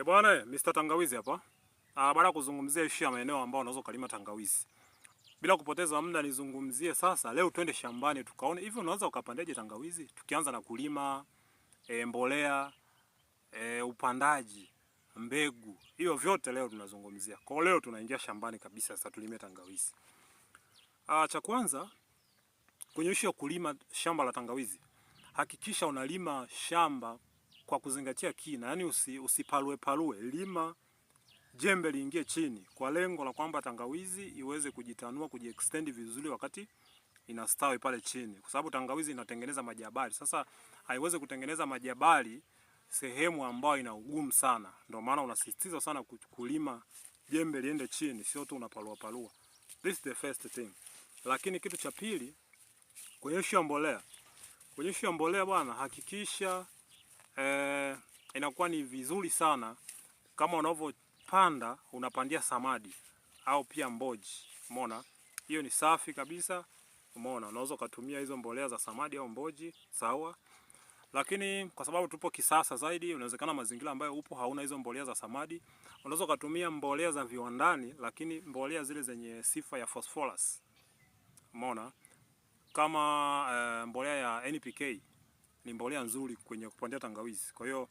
E bwana, Mr. Tangawizi hapa. Ah, baada kuzungumzia issue ya maeneo ambayo unaweza kulima tangawizi. Bila kupoteza muda nizungumzie sasa, leo twende shambani tukaone hivi unaweza ukapandaje tangawizi, tukianza na kulima, e, mbolea, e, upandaji, mbegu. Hiyo vyote leo tunazungumzia. Kwa leo tunaingia shambani kabisa sasa tulime tangawizi. Ah, cha kwanza kwenye issue ya kulima shamba la tangawizi, hakikisha unalima shamba kwa kuzingatia kina, yani usi, usipalue palue, lima jembe liingie chini, kwa lengo la kwamba tangawizi iweze kujitanua kujiextend vizuri wakati inastawi pale chini, kwa sababu tangawizi inatengeneza majabali. Sasa haiwezi kutengeneza majabali sehemu ambayo ina ugumu sana, ndio maana unasisitiza sana kulima jembe liende chini, sio tu unapalua palua. This is the first thing. Lakini kitu cha pili, kwenye shamba mbolea, kwenye shamba mbolea bwana, hakikisha eh, inakuwa ni vizuri sana kama unavyopanda unapandia samadi au pia mboji. Umeona, hiyo ni safi kabisa. Umeona, unaweza ukatumia hizo mbolea za samadi au mboji, sawa. Lakini kwa sababu tupo kisasa zaidi, unawezekana mazingira ambayo upo hauna hizo mbolea za samadi, unaweza ukatumia mbolea za viwandani, lakini mbolea zile zenye sifa ya phosphorus. Umeona, kama e, mbolea ya NPK ni mbolea nzuri kwenye kupandia tangawizi. Kwa hiyo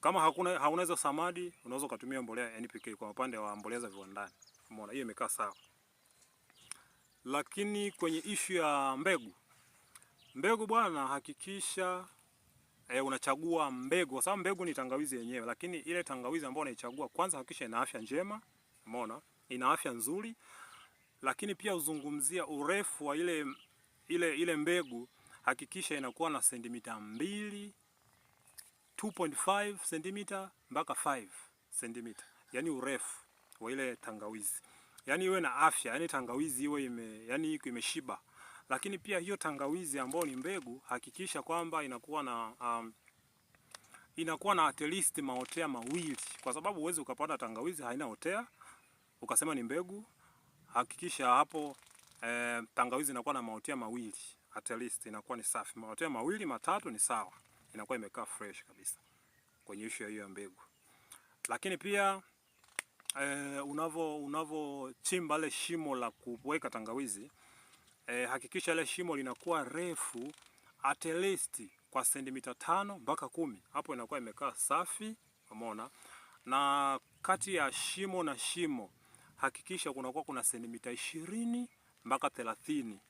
kama hakuna haunaweza samadi, unaweza ukatumia mbolea NPK kwa upande wa mbolea za viwandani. Umeona hiyo imekaa sawa. Lakini kwenye ishu ya mbegu, mbegu bwana, hakikisha e, eh, unachagua mbegu, sababu mbegu ni tangawizi yenyewe, lakini ile tangawizi ambayo unaichagua kwanza, hakikisha ina afya njema. Umeona ina afya nzuri, lakini pia uzungumzia urefu wa ile ile ile mbegu hakikisha inakuwa na sentimita mbili 2.5 cm mpaka 5 cm, yani urefu wa ile tangawizi, yani iwe na afya, yani tangawizi iwe ime, yani imeshiba. Lakini pia hiyo tangawizi ambayo ni mbegu, hakikisha kwamba inakuwa na um, inakuwa na at least maotea mawili, kwa sababu uwezi ukapata tangawizi haina otea ukasema ni mbegu. Hakikisha hapo eh, tangawizi inakuwa na maotea mawili at least inakuwa ni safi. Matone mawili matatu ni sawa, inakuwa imekaa fresh kabisa kwenye issue hiyo ya mbegu. Lakini pia e, eh, unavo unavochimba ile shimo la kuweka tangawizi e, hakikisha ile shimo linakuwa refu at least kwa sentimita tano mpaka kumi. Hapo inakuwa imekaa safi, umeona. Na kati ya shimo na shimo hakikisha kunakuwa kuna sentimita ishirini mpaka thelathini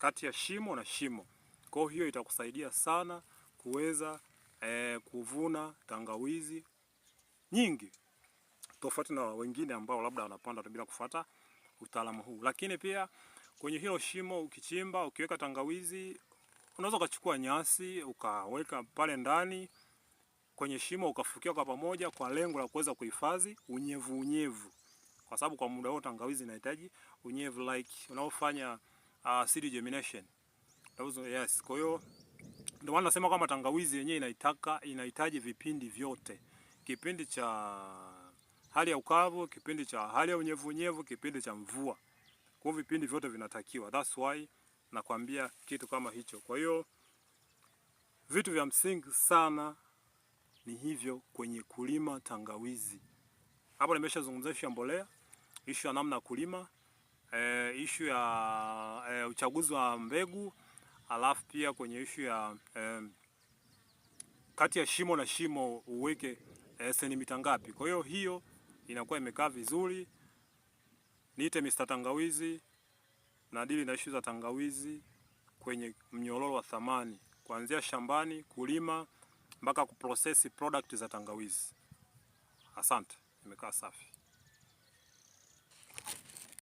kati ya shimo na shimo. Kwa hiyo itakusaidia sana kuweza e, kuvuna tangawizi nyingi tofauti na wengine ambao labda wanapanda bila kufuata utaalamu huu. Lakini pia kwenye hilo shimo ukichimba, ukiweka tangawizi, unaweza ukachukua nyasi ukaweka pale ndani kwenye shimo ukafukia kwa pamoja, kwa lengo la kuweza kuhifadhi unyevu unyevu, kwa sababu kwa muda huo tangawizi inahitaji unyevu like unaofanya uh, seed germination. Yes, kwa hiyo ndio maana nasema kwamba tangawizi yenyewe inaitaka inahitaji vipindi vyote, kipindi cha hali ya ukavu, kipindi cha hali ya unyevu unyevu, kipindi cha mvua. Kwa hiyo vipindi vyote vinatakiwa, that's why nakwambia kitu kama hicho. Kwa hiyo vitu vya msingi sana ni hivyo kwenye kulima tangawizi. Hapo nimeshazungumzia ishu ya mbolea, ishu ya namna ya kulima e, eh, ishu ya e, uchaguzi wa mbegu, alafu pia kwenye ishu ya e, kati ya shimo na shimo uweke e, sentimita ngapi. Kwa hiyo hiyo inakuwa imekaa vizuri. Niite Mr. Tangawizi na dili na ishu za tangawizi kwenye mnyororo wa thamani kuanzia shambani kulima mpaka kuprocess product za tangawizi. Asante, imekaa safi.